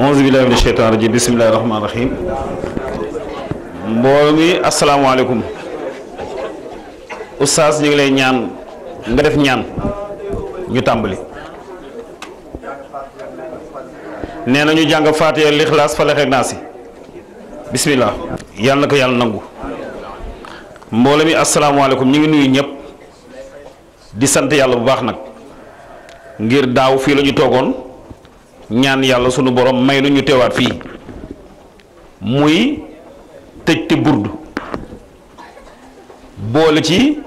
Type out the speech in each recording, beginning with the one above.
onze billahi mina sheytaan rajim bismillahi rahmaani rahim mbooloo mi asalaamaaleykum oustaz ñu ngi lay ñaan nga def ñaan ñu tàmbali nee ñu jàng faatiha lixlaas falax ak naas bismillah yàlla na ko yàlla nangu mbooloo Assalamu asalaamaaleykum ñu ngi nuyu ñëpp di sant yàlla bu baax nag ngir daaw fii la ñu ñaan yàlla sunu borom may nañu teewaat fii muy tëj te burdu boole ci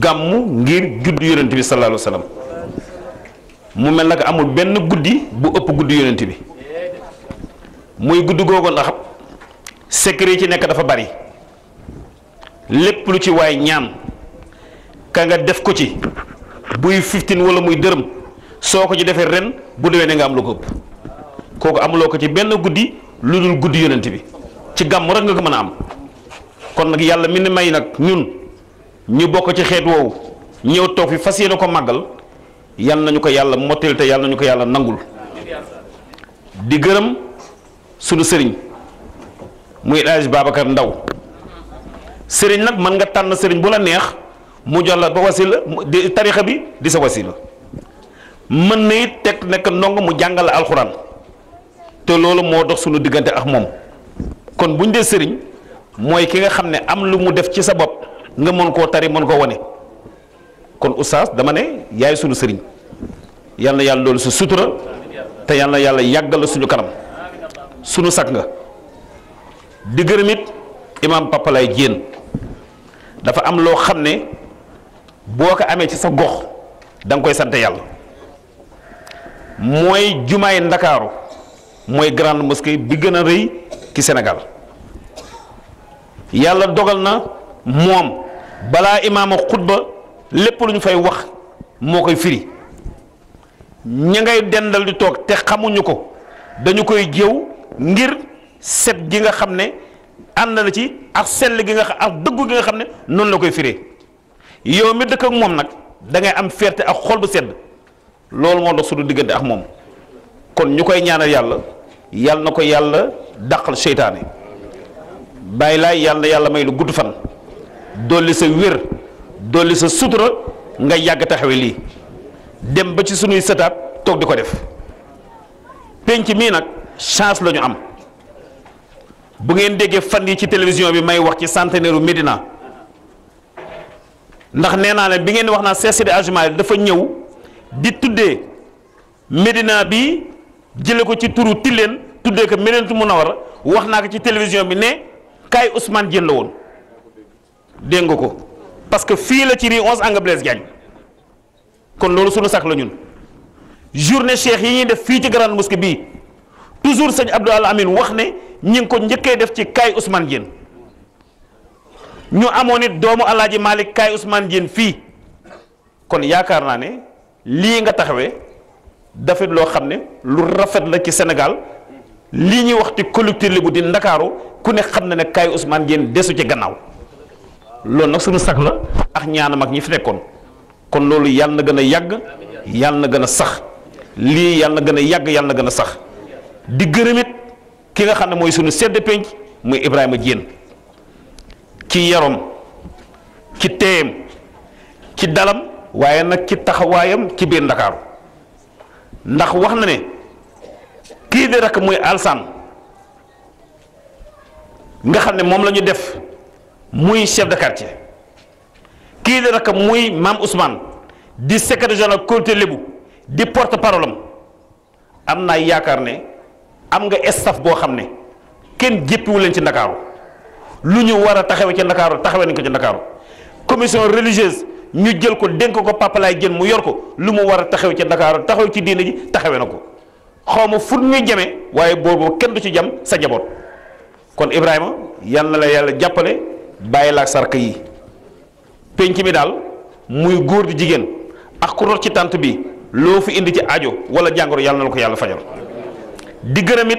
gàmm ngir judd yonent bi sallallahu alayhi mu mel nag amul benn guddi bu ëpp guddi yonent bi muy guddi googu la xam secret ci nekk dafa bari lépp lu ci waaye ñaan ka nga def ko ci buy fifteen wala muy dërëm so ko ci defee ren bu dewe ne nga am lu ko ëpp kooku lo ko ci benn guddi lulul yonent bi ci gam rek nga ko meuna am kon nak yalla min may nak ñun ñu bok ci xet wo ñew tok fi fas ko magal yal nañu ko yalla motel te yal nañu ko yalla nangul di gërëm sunu sëriñ muy El babakar Ndaw sëriñ nak tan, nga tan sëriñ bu la neex mu jox ba wasila di bi di sa wasila mën na it teg nekk ndongo mu jàngale alxuraan te loolu moo dox suñu diggante ak moom kon bu ñu dee sëriñ mooy ki nga xam ne am lu mu def ci sa bopp nga mën koo tari mën koo wane kon oustaz dama ne yaay suñu sëriñ yàlla yàlla loolu su sutura te yal yàlla yàggal suñu kanam suñu sag nga di gërëm it imaam Papa Laye Diène dafa am loo xam ne boo ko amee ci sa gox danga koy sant yàlla. mooy jumaay ndakaaru mooy grand mosquée bi gën a rëy ci senegal yàlla dogal na moom balaa imaama xutba lépp lu ñu fay wax moo koy firi ña ngay dendal di toog te xamuñu ko dañu koy jëw ngir set gi nga xam ne ànd na ci ak sell gi nga xam ak dëggu gi nga xam ne noonu la koy firee yow mi dëkk moom nag dangay am fierté ak xol bu sedd loolu moo dox suñu diggante ak moom kon ñu koy ñaanal yàlla yàlla na ko yàlla dàqal seytaane bàyyi laay yàlla yàlla may lu gudd fan dolli sa wér dolli sa sutura nga yàgg taxawe lii dem ba ci sunuy sëtaat toog di ko def penc mii nag chance la ñu am bu ngeen déggee fan yi ci télévision bi may wax ci centenaire u Médina ndax nee naa ne bi ngeen wax naa Seydi Hadji Malick dafa ñëw di tuddee Medina bi jële ko ci turu Tilleen tuddee ko Medinatu war wax naa ko ci télévision bi ne kaay Ousmane Dieng la woon dégg nga ko parce que fii la ci rue 11 Blaise Diagne kon loolu sunu sax la jour ne cheikh yi ñuy def fii ci grande mosquée bii toujours sëñ Abdou Al wax ne ñi ngi ko njëkkee def ci kaay Ousmane Dieng ñu amoon it doomu Alaaji Malick kaay Ousmane Dieng fii kon yaakaar naa ne. lii nga taxawee dafet loo xam ne lu rafet la ci Sénégal lii ñuy wax ci collecteur li bu di ndakaaru ku ne xam na ne kaay Ousmane ngeen desu ci gannaaw loolu nag suñu sag la ak ñaanam ak ñi fi nekkoon kon loolu yàlla na gën a yàgg yàlla na gën a sax lii yàlla na gën a yàgg yàlla gën a sax di gërëmit ki nga xam ne mooy sunu sedd penc muy Ibrahima jéen ci yarom ci teeyam ci dalam waaye nag ci taxawaayam ci biir ndakaaru ndax wax na ne kii di rek muy alsaan nga xam ne moom la ñu def muy chef de quartier kii di rek muy maam Ousmane di secrétaire général comité Lébu di porte parole am am naa yaakaar ne am nga staff boo xam ne kenn jéppiwu leen ci ndakaaru lu ñu war a taxawee ci ndakaaru taxawe nañ ko ci ndakaaru commission religieuse ñu jël ko denk ko papa lay jël mu yor ko lu mu war a taxaw ci dakar taxaw ci diine ji taxawé na ko xawma fu ñu jame waaye bo kenn du ci jam sa jabot kon ibrahima yal na la yalla jàppale bàyyi laag sarka yi penki mi dal muy goor du jigen ak ku ci tante bi lo fi indi ci aajo wala jangoro yalla nako yalla fajal di gërëm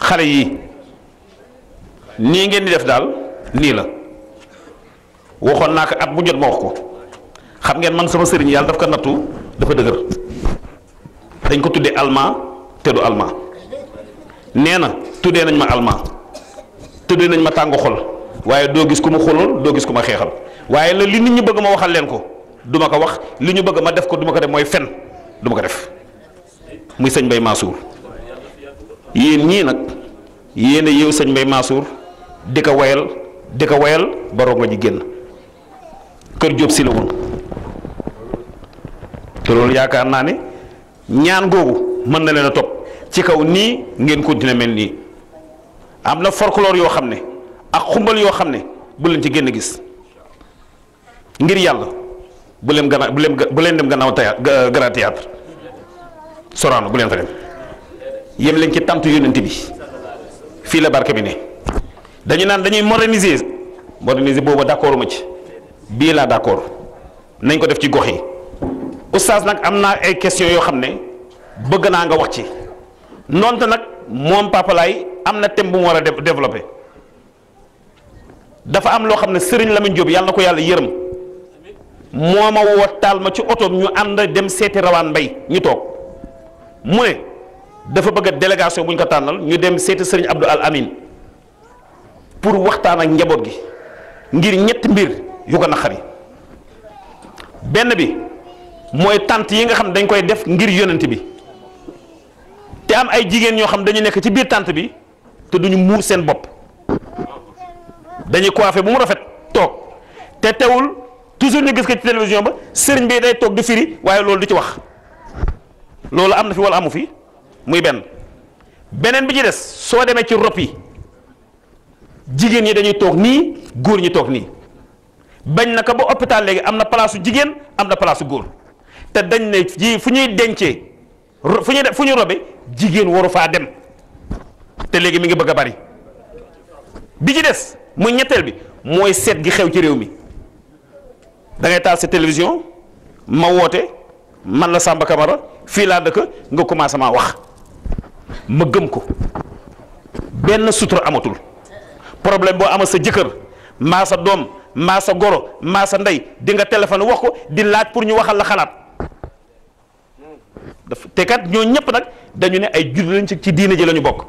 xale yi ni ngeen di def dal ni la waxon naka at bu jot ma wax ko xam ngeen man sama serigne yalla daf ko natou dafa dëgër dañ ko tuddé allemand té du allemand néna tuddé nañ ma allemand tuddé nañ ma tàng xol waye do gis kuma xolol do gis kuma xéxal waye la li nit ñi bëgg ma waxal leen ko duma ko wax li ñu bëgg ma def ko duma ko def moy fen duma ma ko def muy sëñ bay masour yeen ñi nak yeen yeew yéew bay masour dika wayal dika wayal ba nga ji genn kër job si te loolu yaakaar naa ne ñaan googu mën na leen a topp ci kaw nii ngeen continuer mel nii am na folklore yoo xam ne ak xumbal yoo xam ne bu leen ci génn gis ngir yàlla bu leen gannaaw bu leen bu leen dem gannaaw grand théâtre Sorano bu leen fa dem yem leen ci tàntu yónnent bi fii la barke bi ne dañu naan dañuy moderniser moderniser boobu d' accord ma ci bii laa d' accord nañ ko def ci gox yi. oustaz nag am naa ay question yoo xam ne bëgg naa nga wax ci nonte nag moom Papa am na thème bu mu war a développé dafa am loo xam ne Serigne Lamine jóob yàlla na ko yàlla yërëm moo ma woo taal ma ci otoom ñu ànd dem seeti rawaan mbay ñu toog mu ne dafa bëgg a délégation bu ñu ko tànnal ñu dem seeti Serigne Abdou Al Amin pour waxtaan ak njaboot gi ngir ñetti mbir yu ko naqari benn bi. mooy tant yi nga xam dañ koy def ngir yonent bi te am ay jigéen ñoo xam dañu nekk ci biir tànt bi te duñu muur seen bopp dañuy coiffé bu mu rafet toog te teewul toujours ñu gis ko ci télévision ba sëriñ bi day toog di firi waaye loolu du ci wax loolu am na fi walla amu fi muy benn beneen bi ci des soo demee ci rob yi jigéen ñi dañuy toog nii góor ñi toog nii bañ na ko ba hôpital léegi am na palaasu jigéen am na palaasu góor te dañ ne ji fuñuy dencé fuñu fuñu robé jigen waru fa dem te légui mi ngi bëgg bari bi ci des muy ñettel bi moy seet gi xew ci réew mi da ngay taal ci télévision ma woté man la Samba Camara fi la dëkk nga commencé maa wax ma gëm ko ben sutura amatul problème bo am sa jëkër ma sa dom ma sa goro ma sa nday di nga téléphone wax ko di laaj pour ñu waxal la xalaat te kat ñoo ñëpp nak dañu ne ay jullit lañ ci ci ji lañu bok bokk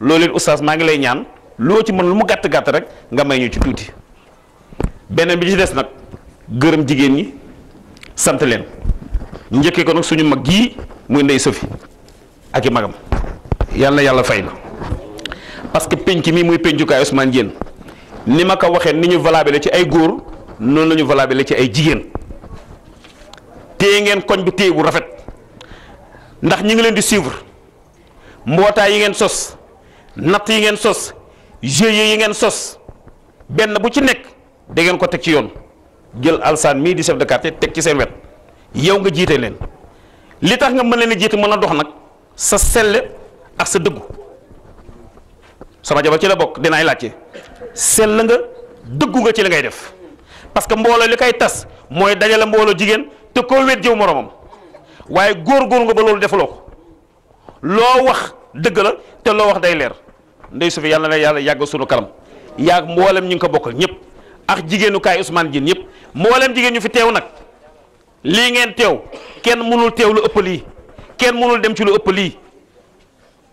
loolu oustaz ma ngi lay ñaan lo ci mën lu mu gatt gatt rek nga may ñu ci tuuti benen bi ci dess nak gërëm jigen ñi sant leen njëkkee ko nak suñu mag gi muy ndey sofi ak i magam yalla yalla fay la parce que penc mi muy pencukaay Ousmane Diène ni ma ko waxe ni ñu valable ci ay goor non lañu valable ci ay jigen téye ngeen koñ bi téye rafet. ndax ñi ngi leen di suivre mbootaay yi ngeen sos natt yi ngeen sos GIE yi ngeen sos benn bu ci nekk dangeen ko teg ci yoon jël alsaan mii di chef de quartier teg ci seen wet yow nga jiite leen li tax nga mën leen a jiite mën a dox nag sa sell ak sa dëggu sama jabar ci la bokk dinaay laajte sell nga dëggu nga ci li ngay def parce que mbooloo li koy tas mooy dajale mbooloo jigéen te koo wet jëw moroomam waye gor gor nga ba lolou defaloo ko loo wax deug la te lo wax day leer ndey su yalla yàlla na yag yàgg sunu kanam yàgg mboolem ñu ko bokk ñep ak jigéenu kay Ousmane Dieng ñep mbolam jigéen ñu fi tew nak li ngeen tew kenn mënul tew lu ëpp li kenn mënul dem ci lu ëpp li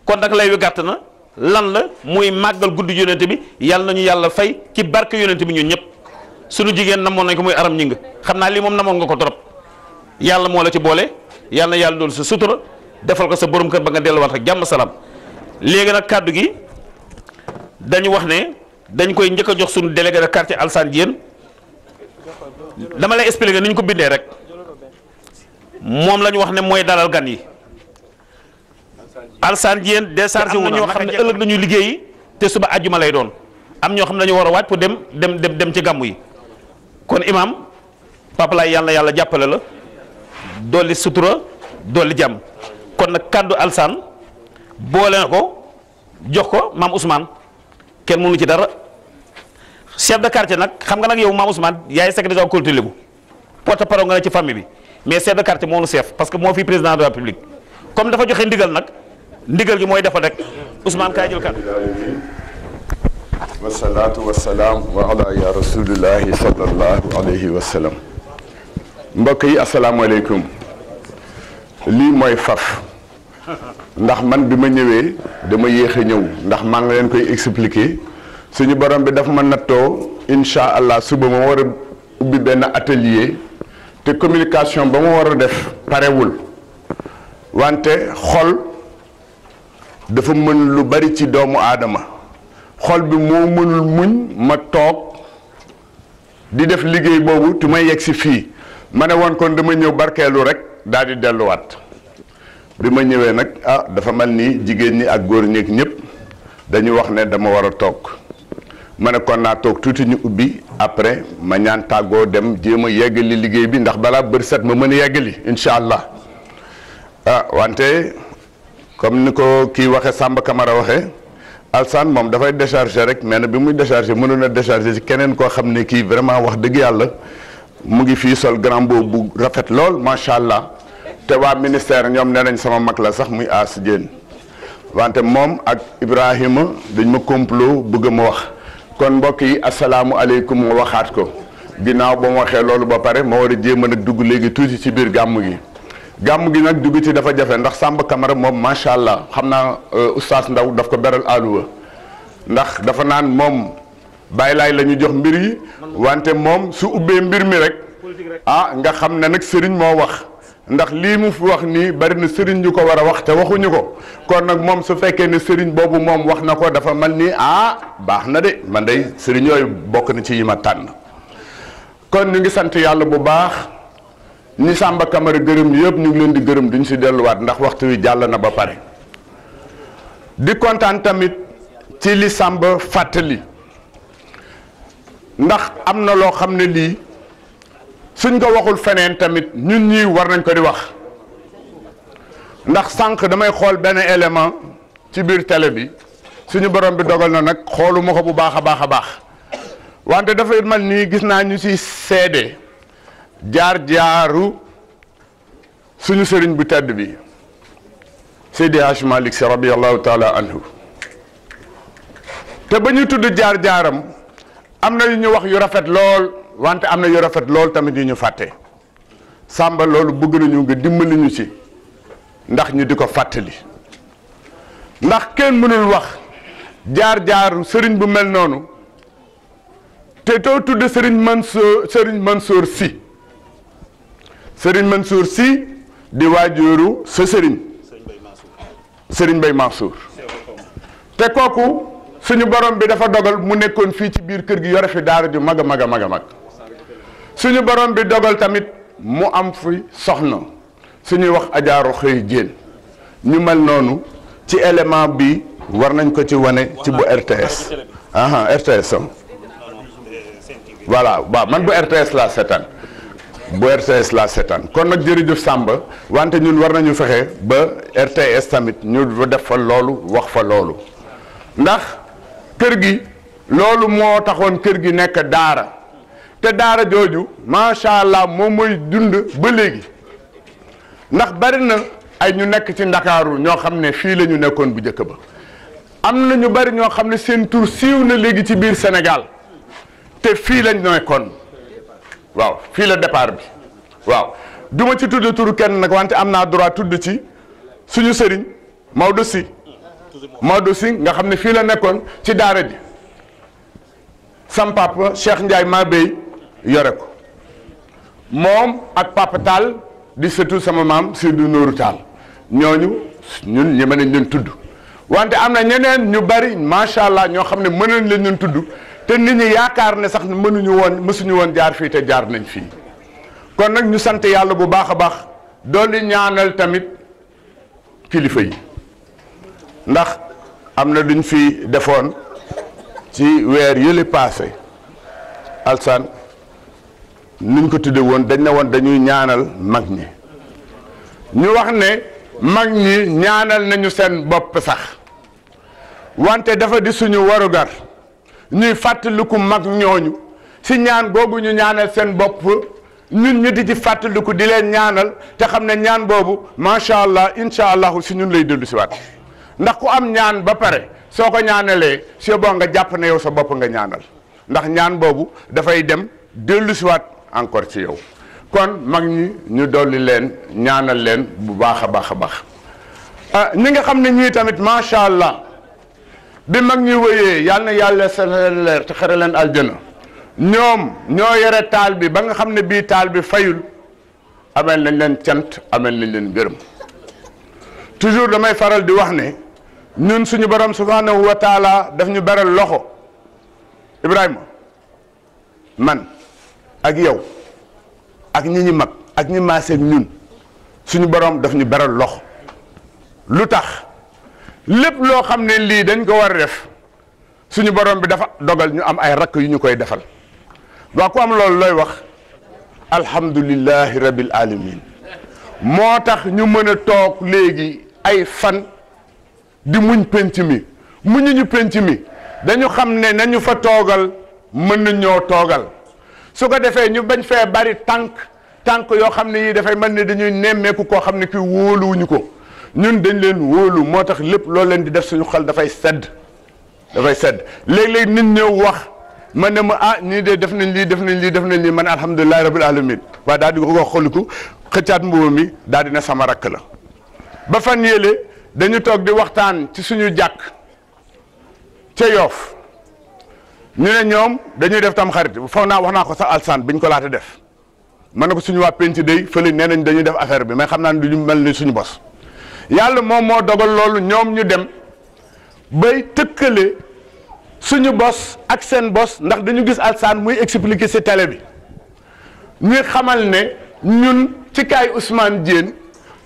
kon nak lay wi gatt na lan la muy magal guddu yonent bi yalla nañu yalla fay ci barke yonent bi ñun ñëpp sunu jigéen namoon nañ ko muy aram ñi xamna li mom lii nga ko trop yalla mo la ci bolé yàlla yàlla doon sa sutura defal ko sa borom kër ba nga delluwaat ak jàmm salaam léegi nag kàddu gi dañu wax ne dañ koy njëkk jox suñu délégué de quartier Alsane Diène dama lay expliquer ni ñu ko bindee rek moom la wax ne mooy dalal gan yi Alsane Diène déchargé wu ñoo xam ne ëllëg dañuy liggéeyi te suba àjjuma lay doon am ñoo xam ne dañu war a waaj pour dem dem dem dem ci gàmmu yi kon imam papa yàlla yàlla jàppale la dolli sutura dolli jàmm kon nag kàddu alsaan boole na ko jox ko maam Ousmane kenn mënu ci dara chef de quartier nag xam nga nag yow maam Ousmane yaay secrétaire culture Lébu porte parole nga ne ci famille bi mais chef de quartier moo nu chef parce que moo fi président de la République comme dafa joxe ndigal nag ndigal gi mooy defal rek Ousmane kaay jël kàddu wasalaatu wasalaam wa ala ya rasulillahi sallallahu alayhi wa sallam mbokk yi asalaamaaleykum Li moy faf ndax man bima ma dama yéxé a ñëw ndax ma nga leen koy expliquer suñu borom bi daf ma natto incha allah suba ma wara ubbi ben atelier té communication ba ma war a def parewul wante xol dafa mën lu bari ci doomu aadama xol bi moo mënul muñ ma toog di def liggéey boobu tu may yegg si fii mané won kon dama ñew barkelu rek dal di delu wat bima ñewé nak ah dafa melni jigéen ni ak goor ñek ñep dañu wax né dama wara tok mané kon na tok tuti ñu ubbi après ma ñaan tago dem jema yeggali liggéey bi ndax bala bërsat ma mëna yeggali inshallah ah wante comme niko ki waxe samba kamara waxe alsan mom da fay décharger rek mais bi muy décharger mënu na décharger ci kenen ko xamné ki vraiment wax deug yalla mu ngi fii sol grand boobu bu rafet lool macha allah te waa ministère ñoom nee nañ sama mag la sax muy As Dieng wante moom ak Ibrahima dañ ma complot bëgg ma wax kon mbokk yi asalaamualeykum ma waxaat ko ginnaaw ba mu waxee loolu ba pare ma war a jéem a nag dugg léegi tuuti ci biir gàmm gi. gàmm gi nag dugg ci dafa jafe ndax Samba Camara moom macha allah xam naa euh, oustaz Ndaw daf ko beral àlluwa ndax dafa naan moom. bàyyi laay la jox mbir yi wante mom su ubbe mbir mi rek ah nga xamne nak serigne mo wax ndax li mu fi wax ni bari na serigne ñu ko wax te waxuñu ko kon nak mom su fekke ni serigne bobu mom wax nako dafa melni ah baxna de man day serigne yoy bok na ci yima tan kon ñu ngi sant yalla bu baax ni Samba Kamara gërëm yëpp ñu ngi leen di gërëm duñ delu wat ndax waxtu wi jall na ba pare di kontaan tamit ci li Samba fatali ndax am na loo xam ne lii suñ ko waxul feneen tamit ñun ñii war nañ ko di wax ndax sànq damay xool benn élément ci biir tele bi suñu borom bi dogal na nag xooluma ko bu baax a baax a baax wante dafa man nii gis naa ñu ci seede jaar-jaaru suñu sëriñ bu tedd bi Seydi Hadj Malick Sy radiyallahu taala anhu te ba ñu tudd jaar-jaaram am na yu ñu wax yu rafet lool wante am na yu rafet lool tamit yu ñu fàtte Samba loolu bëgg nañu nga dimbali ñu ci ndax ñi di ko fàttali ndax kenn mënul wax jaar-jaaru sëriñ bu mel noonu te too tudd sëriñ Mansour sëriñ Mansour si sëriñ Mansour si di waajooru sa sëriñ sëriñ Bay Mansour te kooku suñu borom bi dafa dogal mu nekkoon fii ci biir kër gi yore fi daara ju mag a mag a mag a mag suñu borom bi dogal tamit mu am fi soxna suñuy wax ajaaru xëy jéen ñu mel noonu ci élément bi war nañ ko ci wane ci bu RTS aha RTS voilà waaw man bu RTS laa seetaan bu RTS laa setaan kon nag jërëjëf sàmba wante ñun war nañu fexe ba RTS tamit ñu def fa loolu wax fa loolu ndax kër gi loolu moo taxoon kër gi nekk daara te daara jooju macha allah moom mooy dund ba léegi ndax bari na ay ñu nekk ci ndakaaru ñoo xam ne fii lañu nekkoon bu njëkk ba am na ñu bari ñoo xam ne seen tur siiw na léegi ci biir Sénégal te fii lañ nekkoon waaw fii la départ bi waaw duma ci tudd turu kenn nag wante am naa droit tudd ci suñu sëriñ Maodo si Maodo Sy nga xam ne fii la nekkoon ci daara ji sam papa Cheikh Ndiaye maa béy yore ko moom ak papa Tall di sëtu sama maam Seydou Nourou Tall ñooñu ñun ñi mën nañ leen tudd wante am na ñeneen ñu bari macha allah ñoo xam ne mën nañ leen tudd te nit ñu yaakaar ne sax mënuñu woon mësuñu woon jaar fii te jaar nañ fii kon nag ñu sant yàlla bu baax a baax doon di ñaanal tamit kilifa yi. ndax am na luñ fi defoon ci weer yële paase alsan nuñ ko tudde woon dañ ne woon dañuy ñaanal mag ñi ñu wax ne mag ñi ñaanal nañu seen bopp sax wante dafa di suñu warugar ñuy fàttaliku mag ñooñu si ñaan googu ñu ñaanal seen bopp ñun ñu di ci fàttaliku di leen ñaanal te xam ne ñaan boobu macha allah incha allahu si ñun lay dellu si waat ndax ku am ñaan ba pare soo ko ñaaneelee c'est bon nga jàpp ne yow sa bopp nga ñaanal ndax ñaan boobu dafay dem dellusiwaat encore ci yow kon mag ñi ñu dolli leen ñaanal leen bu baax a baax a baax a ah, ñi nga xam ne ñii tamit macha allah bi mag ñi wéyee yal na yàlla sa leer te xare leen aljana ñoom ñoo yore taal bi ba nga xam ne bii taal bi fayul amel nañ leen cant amel nañ leen gërëm toujours damay faral di wax ne ñun suñu borom subhanahu wa taala daf ñu beral loxo Ibrahima man ak yow ak ñi ñi mag ak ñi maaseeg ñun suñu borom daf ñu beral loxo lu tax lépp loo xam ne lii dañ ko war a def suñu borom bi dafa dogal ñu am ay rakk yu ñu koy defal waa ku am loolu looy wax alhamdulillahi rabbil alamin moo tax ñu mën a toog léegi ay fan di muñ pénc mi muñu ñu penc mi dañu xam ne nañu fa toogal mën na ñoo toogal su ko defee ñu bañ fee bari tànk tànk yoo xam ne yii dafay mën ni dañuy nemmeeku koo xam ne ki wóoluwuñu ko ñun dañu leen wóolu moo tax lépp loo leen di def suñu xel dafay sedd dafay sedd léeg-léeg nit ñëw wax man ne ma ah ñii de def nañ lii def nañ lii def nañ lii man alhamdulilahi rabil alamin waaye daal di ko xoliku xëccaat mbuba mi daal dina sama rakk la ba fan yéele dañu toog di waxtaan ci suñu jàkk ca yoof ñu ne ñoom dañuy def tam xarit foog naa wax naa ko sax alsaan biñ ko laata def man na ko suñu waa penc day fële nee nañ dañuy def affaire bi mais xam naa ne duñu mel ni suñu bos yàlla moom moo dogal loolu ñoom ñu dem bay tëkkale suñu bos ak seen bos ndax dañu gis alsaan muy expliquer si tale bi ñuy xamal ne ñun ci kaay Ousmane Diène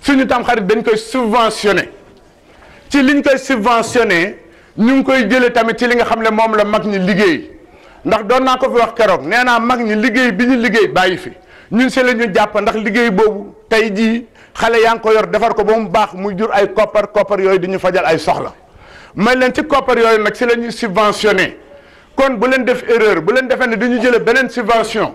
suñu xarit dañ koy subventionné ci liñ koy subventionné ñu ngi koy jëlee tamit ci li nga xam ne moom la mag ni liggéey ndax doon naa ko fi wax keroog néna mag ni liggéey biñu ñu liggéey bàyyi fi ñun si la ñu jàpp ndax liggéey bobu tay ji xalé yaa ngi ko yor defar ko ba baax muy jur ay koppar koppar yoy diñu fajal ay soxla may leen ci koppar yoy nak ci lañu ñuy subventionné kon bu leen def erreur bu leen defee ne diñu jëlee benen subvention.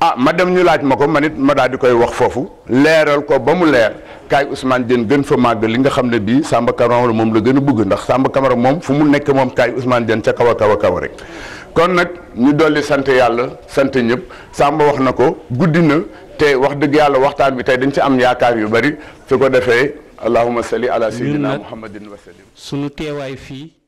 ah ma dem ñu laaj ma ko man it ma daal di koy wax foofu leeral ko ba mu leer kaay Ousmane Dieng gën fa màgg li nga xam ne bii Samba Camara moom la gën a bëgg ndax Samba Camara moom fu mu nekk moom kaay Ousmane Dieng ca kaw a kaw a kaw rek. kon nag ñu dolli sant yàlla sant ñëpp Samba wax na ko guddi na te wax dëgg yàlla waxtaan bi tey dañ ci am yaakaar yu bari su ko defee allahumma salli ala sayyidina muhammadin wa sallim. sunu teewaay fii.